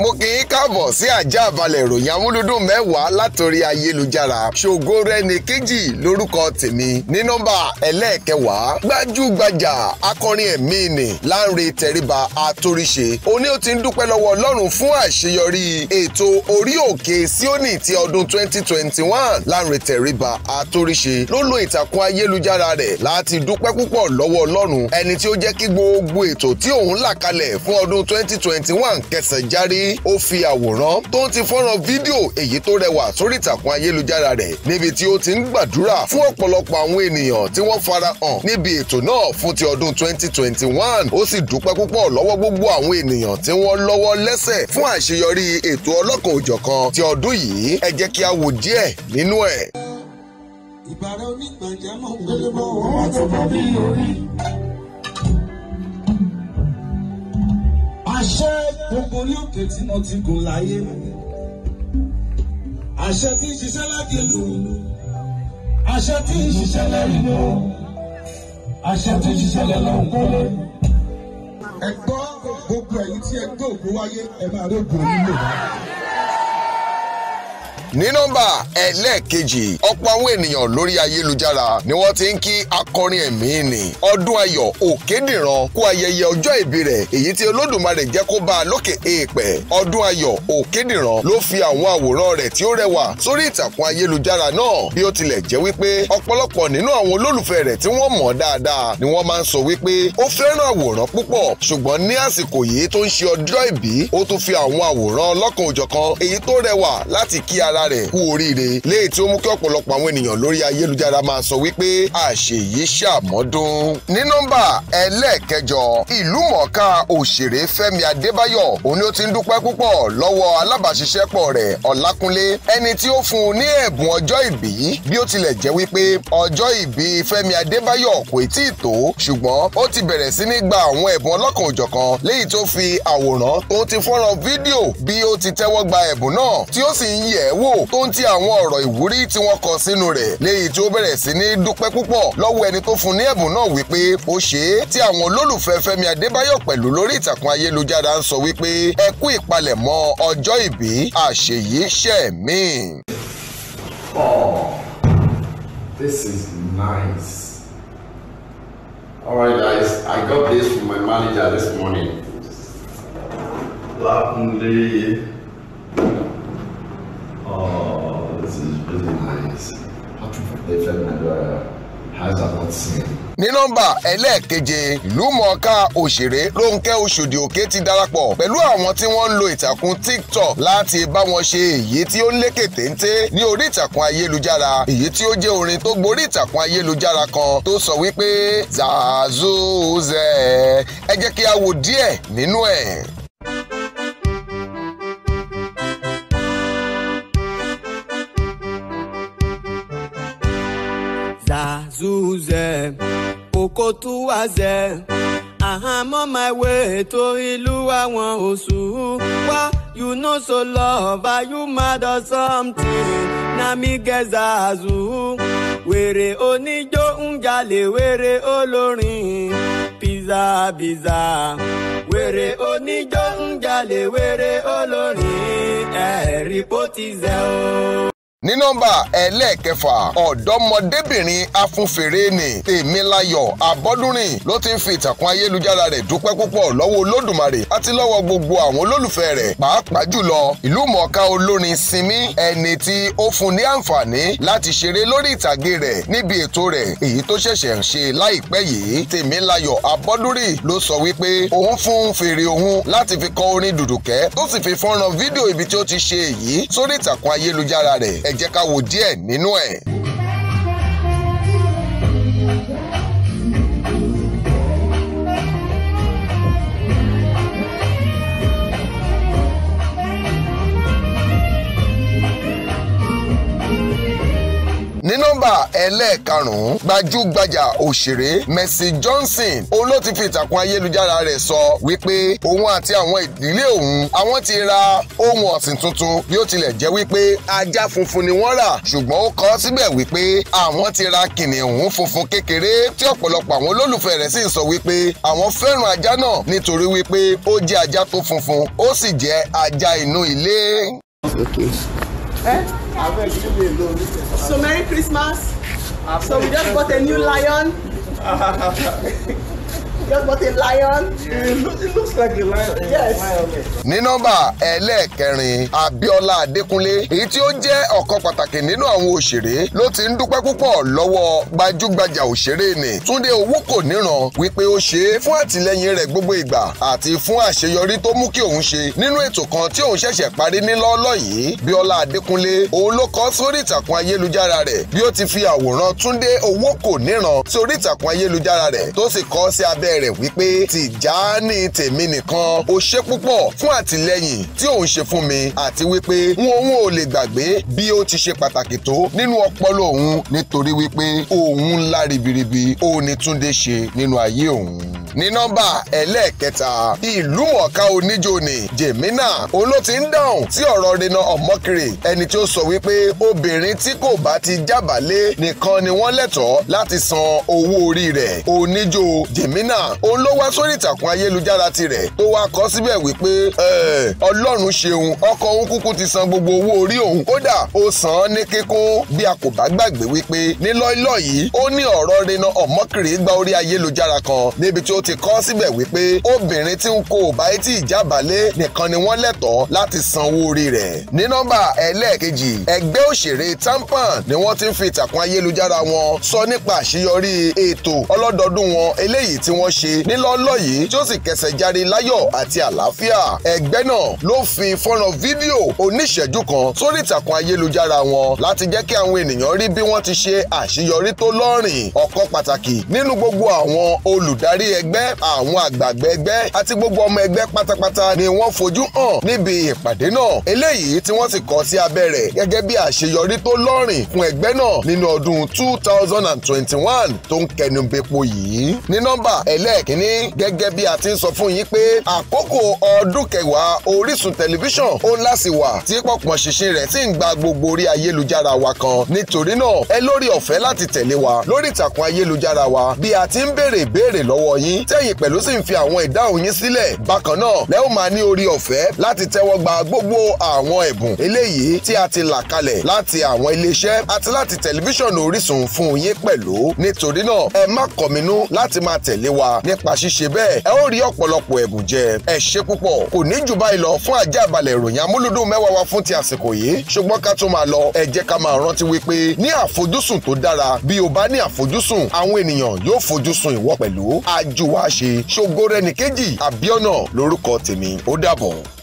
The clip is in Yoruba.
mo kì í káàbọ̀ sí àjà àbálẹ̀ ìròyìn amúlúdùn mẹ́wàá látòrí ayélujára ṣògo rẹni kejì lórúkọ tèmi ní nọ́mbà ẹlẹ́ẹ̀kẹwàá gbajúgbajà akọrin ẹ̀mí nì Lánrè Tẹríba Àtòríṣe òní ó ti ń dúpẹ́ lọ́wọ́ Ọlọ́run fún àṣeyọrí ètò orí òkè Síónì ti ọdún 2021 Lánrè Tẹríba Àtòríṣe ló lo ìtàkùn ayélujára rẹ̀ láti dúpẹ́ púpọ̀ lọ́wọ́ Ọlọ́run ẹni tí ó jẹ́ kí gbogbo ètò tí òun là kalẹ̀ fún ọdún 2021 kẹsẹ̀ járí ó fi àwòrán tó ń ti fọ́nrán fídíò èyí tó rẹwà sórí ìtàkùn ayélujára rẹ̀ níbi tí ó ti ń gbàdúrà fún ọ̀pọ̀lọpọ̀ àwọn ènìyàn tí wọ́n fara hàn níbi ètò náà fún ti ọdún 2021 ó sì dúpẹ́ púpọ̀ lọ́wọ́ gbogbo àwọn ènìyàn tí wọ́n lọ́wọ́ lẹ́sẹ̀ fún àṣeyọrí ètò ọlọ́kan òjọ̀kan ti ọdún yìí ẹ jẹ́ kí a wò díẹ̀ nínú ẹ̀. ìbára onígbàjámọ̀ pẹ̀lú bọ́wọ́ àṣẹ gbogbo orí òkè tí mo ti gùn láyé àṣẹ tí ń ṣiṣẹ́ lágẹ̀lú àṣẹ tí ń ṣiṣẹ́ lẹ́yìnbó àṣẹ tí ń ṣiṣẹ́ lẹ́lọ́hùn kọ́lé. ẹ gbọ́ gbogbo ẹ̀yin tí ẹ gbé ògo wáyé ẹ máa rí ògo nílò wá ní nọ́mbà ẹlẹ́ẹ̀kejì ọ̀pọ̀ àwọn ènìyàn lórí ayélujára ni wọ́n ti ń kí akọrin ẹ̀mí ni ọdún ayọ̀ òkèdìran kú ayẹyẹ ọjọ́ ìbí rẹ̀ èyí tí olódùmarè jẹ́ kó bá a lókè èèpẹ̀ ọdún ayọ̀ òkèdìran ló fi àwọn àwòrán rẹ̀ tí ó rẹwà sórí ìtàkùn ayélujára náà bí ó tilẹ̀ jẹ́ wípé ọ̀pọ̀lọpọ̀ nínú àwọn olólùfẹ́ rẹ̀ tí wọ́n mọ̀ dáadáa ni wọ́n máa ń sọ wípé ó fẹ́ràn àwòrán púpọ̀ ṣùgbọ́n ní àsìkò yìí tó ń ṣe ọjọ́ ìbí ó tún fi àwọn àwòrán ọlọ́kan ò èyí tó rẹwà láti kí ara ara rẹ̀ kú oríire léyìí tí ó mú kí ọ̀pọ̀lọpọ̀ àwọn ènìyàn lórí ayélujára máa sọ wípé àṣeyìí ṣàmọ́dún. ní nọ́mbà ẹlẹ́ẹ̀kẹjọ ìlú mọ̀ọ́ká òṣèré Fẹ́mi Adébáyọ̀ òun ni ó ti ń dúpẹ́ púpọ̀ lọ́wọ́ alábàṣiṣẹ́pọ̀ rẹ̀ Ọlákúnlé ẹni tí ó fún un ní ẹ̀bùn ọjọ́ ìbí bí ó tilẹ̀ jẹ́ wípé ọjọ́ ìbí Fẹ́mi Adébáyọ̀ kò tí ì tó ṣùgbọ́n ó ti bẹ̀rẹ̀ sí ní gba àwọn ẹ̀bùn ọlọ́kan òjọ̀kan léyìí tó fi àwòrán tó ti fọ́nrán fídíò bí ó ti tẹ́wọ́ gba ẹ̀bùn náà tí ó sì ń yẹ̀ ẹ́ wò wò tó ń ti àwọn ọ̀rọ̀ ìwúrí tí wọ́n kọ sínú rẹ̀ léyìí tí bẹ̀rẹ̀ sí ní dúpẹ́ púpọ̀ lọ́wọ́ ẹni tó fún ní ẹ̀bùn náà wípé ó ṣe é tí àwọn olólùfẹ́ Fẹ́mi Adébáyọ̀ pẹ̀lú lórí ìtàkùn ayélujára ń sọ wípé ẹ kú ìpalẹ̀mọ́ ọjọ́ ìbí àṣeyí ṣẹ̀mí. Oh, this is nice. All right, guys, I got this from my manager this morning. Lapin ní nọ́mbà ẹlẹ́ẹ̀keje ìlúmọ̀ọ́ká òṣèré Rónkẹ́ Oṣòdì Òkè ti darapọ̀ pẹ̀lú àwọn tí wọ́n ń lo ìtàkùn TikTok láti bá wọn ṣe èyí tí ó lékè téńté ní orí ìtàkùn ayélujára èyí tí ó jẹ́ orin tó gborí ìtàkùn ayélujára kan tó sọ wípé zazuzẹ ẹ jẹ́ kí a wo díẹ̀ nínú ẹ̀. zuze okotuwaze i'm on my way to ìlú àwọn oṣù wá you know so love are you mad or something na mi gẹ̀ẹ́sà azù wèrè oníjó ń jalè wèrè olórin pizza pizza wèrè oníjó ń jalè wèrè olórin ẹ̀ẹ́rì bó ti zẹ́ o ní nọ́mbà ẹlẹ́ẹ̀kẹfà ọ̀dọ́mọdébìnrin afúnfèrè ni Tèmiláyọ̀ Abọ́dúnrin ló ti ń fi ìtàkùn ayélujára rẹ̀ dúpẹ́ púpọ̀ lọ́wọ́ Olódùmarè àti lọ́wọ́ gbogbo àwọn olólùfẹ́ rẹ̀ pàápàá jùlọ ìlú mọ̀ọ́ká olórin Simi ẹni tí ó fún ní àǹfààní láti ṣeré lórí ìtàgé rẹ̀ níbi ètò rẹ̀ èyí tó ṣẹ̀ṣẹ̀ ń ṣe láìpẹ́ yìí Tèmiláyọ̀ Abọ́dúnrin ló sọ wípé òun fún fèrè òun láti fi kọ orin dùdùkẹ́ tó sì fi fọ́nrán fídíò ibi tí ó ti ṣe èyí sórí ìtàkùn jẹ́ ká wo díẹ̀ nínú ẹ̀. nọ́mbà ẹlẹ́ẹ̀karùn-ún gbajúgbajà òṣèré Mercy Johnson òun ló ti fi ìtàkùn ayélujára rẹ̀ sọ wípé òun àti àwọn ìdílé òun àwọn ti ra ohun ọ̀sìn tuntun bí ó tilẹ̀ jẹ́ wípé ajá funfun ni wọ́n rà ṣùgbọ́n ó kọ́ síbẹ̀ wípé àwọn ti ra kìnìún funfun kékeré tí ọ̀pọ̀lọpọ̀ àwọn olólùfẹ́ rẹ̀ sì ń sọ wípé àwọn fẹ́ràn ajá náà nítorí wípé ó jẹ́ ajá tó funfun ó sì jẹ́ ajá inú ilé. Okay. Eh? So Merry Christmas. So we just bought a new lion. just bought a lion. It, looks, like a lion. Yes. ní nọ́mbà ẹlẹ́ẹ̀kẹrin abiola, Adékúnlé èyí tí ó jẹ́ ọ̀kan pàtàkì nínú àwọn òṣèré ló ti ń dúpẹ́ púpọ̀ lọ́wọ́ gbajúgbajà òṣèré ni Túndé Owókòníran wípé ó ṣe é fún àtìlẹ́yìn rẹ̀ gbogbo ìgbà àti fún àṣeyọrí tó mú kí òun ṣe nínú ètò kan tí òun ṣẹ̀ṣẹ̀ parí ní lọ́ọ́lọ́ yìí Bíọ́lá Adékúnlé òun ló kọ sórí ìtàkùn ayélujára rẹ̀ bí ó ti fi àwòrán Túndé Owókòníran sórí ìtàkùn ayélujára rẹ̀ tó rẹ̀ wípé Tìjání tèmi nìkan ó ṣe púpọ̀ fún àtìlẹ́yìn tí òun ṣe fún mi àti wípé wọn òun ò lè gbàgbé bí ó ti ṣe pàtàkì tó nínú ọpọlọ òun nítorí wípé òun ńlá ribiribi òun ni Túndé ṣe nínú ayé òun ní nọ́mbà ẹlẹ́ẹ̀kẹta ìlú mọ̀ọ́ká oníjó ni Jemina òun ti ń dáhùn sí ọ̀rọ̀ Rena Omokri ẹni tí ó sọ wípé obìnrin tí kò bá ti jábàálé nìkan ni wọ́n lẹ́tọ̀ọ́ láti san owó orí rẹ̀ oníjó Jemina náà òun ló wá sórí ìtàkùn ayélujára tirẹ̀ tó wá kọ síbẹ̀ wípé ọlọ́run ṣeun ọkọ òun kúkú ti san gbogbo owó orí òun kódà ó san án ní kíkún bí a kò bá gbàgbé wípé ní lọ́ọ́lọ́ yìí ó ní ọ̀rọ̀ rena ọ̀mọ́kiri gba orí ayélujára kan níbi tí ó ti kọ síbẹ̀ wípé obìnrin tí ń kó bá etí ìjábàlẹ̀ nìkan ni wọ́n lẹ́tọ̀ọ́ láti san owó orí rẹ̀ ní nọ́mbà ẹlẹ́ẹ̀kejì ẹgbẹ́ òṣèré tampan ni wọ́n ti ń fi ìtàkùn ayélujára wọn sọ nípa àṣeyọrí ètò ọlọ́dọọdún wọn eléyìí tí wọ́n ṣe nílọ́lọ́ yìí tí ó sì kẹsẹ̀ járe láyọ̀ àti àlàáfíà ẹgbẹ́ náà ló fi fọ́nrán fídíò oníṣẹ́jú kan sórí ìtàkùn ayélujára wọn láti jẹ́ kí àwọn ènìyàn rí bí wọ́n ti ṣe àṣeyọrí tó lọ́rìn ọ̀kan pàtàkì nínú gbogbo àwọn olùdarí ẹgbẹ́ àwọn àgbààgbà ẹgbẹ́ àti gbogbo ọmọ ẹgbẹ́ pátápátá ni wọ́n fojú hàn níbi ìpàdé náà eléyìí tí wọ́n sì kọ sí abẹ́ rẹ̀ gẹ́gẹ́ bí àṣeyọrí tó lọ́rìn fún ẹgbẹ́ náà nínú ọdún 2021 tó ń kẹnu bepo yìí ní nọ́mbà ẹlẹ́ lẹ́ẹ̀kínní gẹ́gẹ́ bí a ti ń sọ fún yín pé àkókò ọdún kẹwàá Orísun tẹlifíṣàn ó láṣì wà tí pọ̀pọ̀ ṣinṣin rẹ̀ sì ń gba gbogbo orí ayélujára wa kan nítorí náà ẹ lórí ọ̀fẹ́ láti tẹ̀lé wa lórí ìtàkùn ayélujára wa bí a ti ń béèrè ìbéèrè lọ́wọ́ yín tẹ̀yin pẹ̀lú sì ń fi àwọn ìdáhùn yín sílẹ̀ bákan náà lẹ́ ó máa ní orí ọ̀fẹ́ láti tẹ́wọ́ gba gbogbo àwọn ẹ̀bùn eléyìí tí a ti là kalẹ̀ láti àwọn iléeṣẹ́ àti láti tẹlifíṣàn Orísun fún yín pẹ̀lú nítorí náà ẹ má kọ̀mínú láti máa tẹ̀lé wa nípa ṣíṣe bẹ́ẹ̀ ẹ ó rí ọ̀pọ̀lọpọ̀ ẹ̀bùn jẹ ẹ ṣe púpọ̀ kò ní jù báyìí lọ fún àjàbalẹ̀ ìròyìn amúlùdùn mẹ́wàá wa fún ti àsìkò yìí ṣùgbọ́n ká tó máa lọ ẹ jẹ́ ká máa rántí wípé ní àfojúsùn tó dára bí o bá ní àfojúsùn àwọn ènìyàn yóò fojúsùn ìwọ pẹ̀lú àjùwàṣe ṣògo rẹ̀ nìkejì àbíọ́nà lórúkọ tèmi ó dàbọ̀.